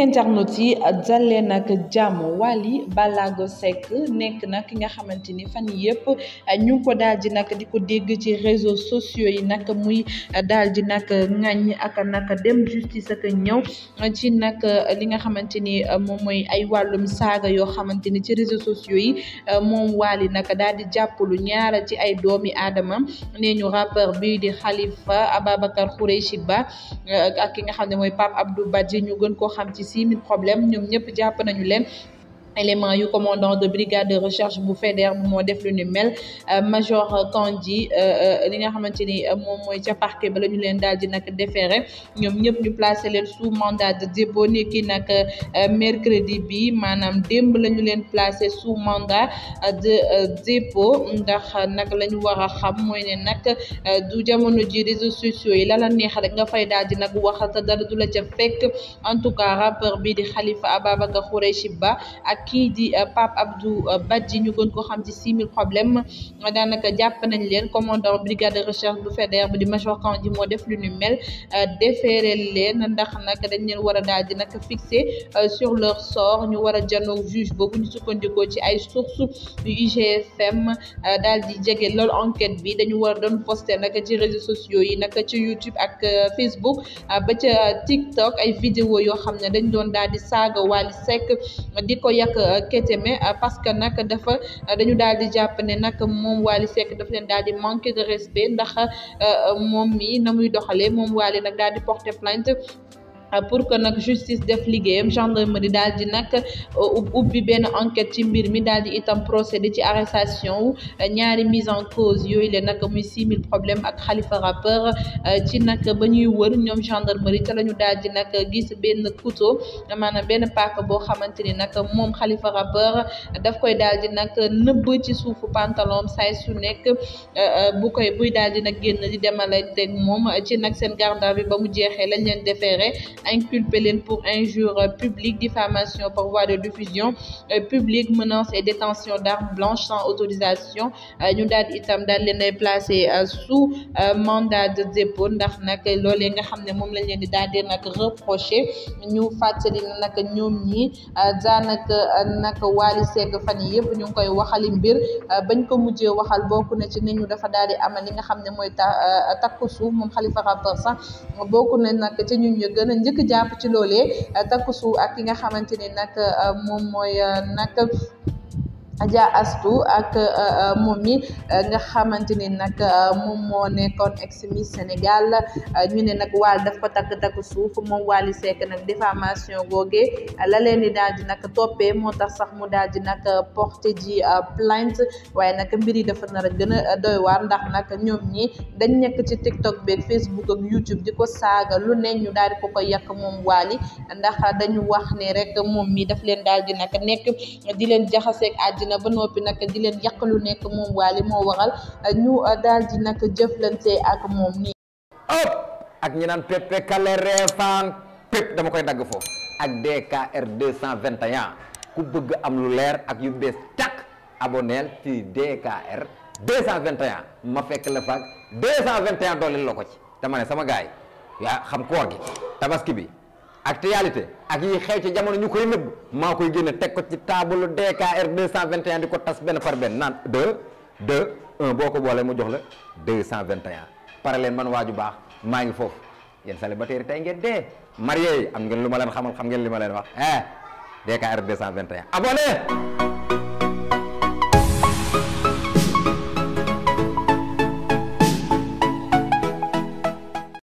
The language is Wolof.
mbokk internet yi jàllee nag jàmm Wally Ballago Seck nekk nag ki nga xamante ni fan yëpp ñu ko daal ji nag di ko dégg ci réseaux sociaux yi nag muy daal ji nag ŋañ ak nag dem justice ak ñëw ci nag li nga xamante ni moom mooy ay wàllum saaga yoo xamante ni ci réseaux sociaux yi moom Wally nag daal di jàppalu ñaara ci ay doomi aadama nee ñu rappeur bi di Khalifa Ababacar Khoureychi Ba ki nga xam ne mooy Pape Abdou Badji ñu gën koo xam ci six mille problèmes ñoom ñëpp jàpp nañu leen élément yu commandant de brigade de recherche bu fédère bu moo def lu ni mel euh, major Kandji euh, euh, li nga xamante ni moom mooy ca parquet ba la ñu leen daal di nag déféré ñoom ñëpp ñu placé leen sous mandat de dépôt ni ki nag mercredi bi maanaam démb la ñu leen placé sous mandat de dépôt ndax nak la ñu war a xam mooy ne nag du jamono ji réseaux sociaux yi la la neex nga fay daal di nag wax te dara du la ca fekk en tout cas rappeur bi di xalifa Ababacar Khoureyssi Ba ak kii di euh, Pape Abdou euh, Badji ñu gën ko xam ci six mille problème daanaka jàpp nañ leen commandant brigade de recherche bu FEDER bi di major Kandji moo def lu ñu mel euh, déféré leen ndax nag dañ leen war a daal ji nag fixé sur leur sort ñu war a janoog juge boobu ñu sukkandikoo ci ay sources yu IGFM daal di jege loolu enquête bi dañu war a doon posté nag ci réseaux sociaux yi nag ci YouTube ak Facebook ba ca TikTok ay vidéo yoo xam ne dañ doon daal di saaga Wally ak euh, Kétémé euh, parce que nag dafa euh, dañu daal di jàpp ne nag moom Wally Seck daf leen daal di manquer de respect ndax moom mi na muy doxalee moom Wally nag daal di porter plainte Euh, pour que nag justice def liggéeyam gendarmerie daal di nag euh, ubbi benn enquête ci mbir mi daal di itam procédé ci arrestation euh, ñaari mise en cause yooyu leen nag muy six mille problème ak Khalifa rappeur ci nag ba ñuy wër ñoom gendarmerie te la ñu daal di nag gis benn couteau maanaam benn paaka boo xamante ni nag moom Khalifa rappeur daf koy daal di nag nëbb ci suufu pantalon saay su nekk bu koy buy daal di nag génn di demalante ak moom ci nag seen garde bi ba jeexee lañ leen defeere inculpé leen pour injure publique diffamation par voie de diffusion euh, publique menace et détention d'armes blanches sans autorisation euh, ñu daal itam daal leen ay placé euh, sous mandat de dépôt ndax nag loolee nga xam ne moom lañ leen di daal di nag reproché ñu fàttali nag ñoom ñi daanaka nag Wally fa fan yi yëpp ñu koy waxali mbir bañ ko mujjee waxal bokk na ci ne ñu dafa daal di amal li nga xam ne mooy ta takku suuf moom Khalifa rapport sax bokk na nag ñu gën a njëkk jàpp ci loolee eh, takku su ak ki nga xamante ni nag eh, moom mooy eh, nag Adja Astou ak euh, euh, moom mi euh, nga xamante ni nag moom moo nekkoon ex Miss Sénégal ñu ne nag waal daf ko takk takk suuf moom Wally Seck nag diffamation googee la leen di daal di nag toppee moo tax sax mu daal di nag porté ji plainte waaye nag mbir yi dafa nar a gën a doy waar ndax nag ñoom ñi dañ nekk ci TikTok beeg Facebook ak YouTube di ko saaga lu ne ñu daal di ko ko yàq moom Wally ndax dañu wax ne rek moom mi daf leen daal di nekk di leen jaxaseeg na ba noppi nag di leen yàq lu nekk moom Wally moo waral ñu daal di nag jëflante ak moom nii. ëpp ak ñi naan pepe kale reefaan pep dama koy dagg foofu ak DKR 221 ku bëgg am lu leer ak yu bees càkk aboneel ci DKR 221 ma fekk la faag 221 dooleel la ko ci dama ne sama gaay yaa xam koor gi tabaski bi. ak réalité ak yi xew ci jamono ñu koy nëbb maa koy génne teg ko ci table DKR 221 di ko tas benn par benn naan 2 2 1 boo ko boolee mu jox la 221 pare leen man waaju baax maa ngi foofu yéen célibataire tey ngeen dee marié yi am ngeen lu ma leen xamal xam ngeen li ma leen wax eh DKR 221 abonné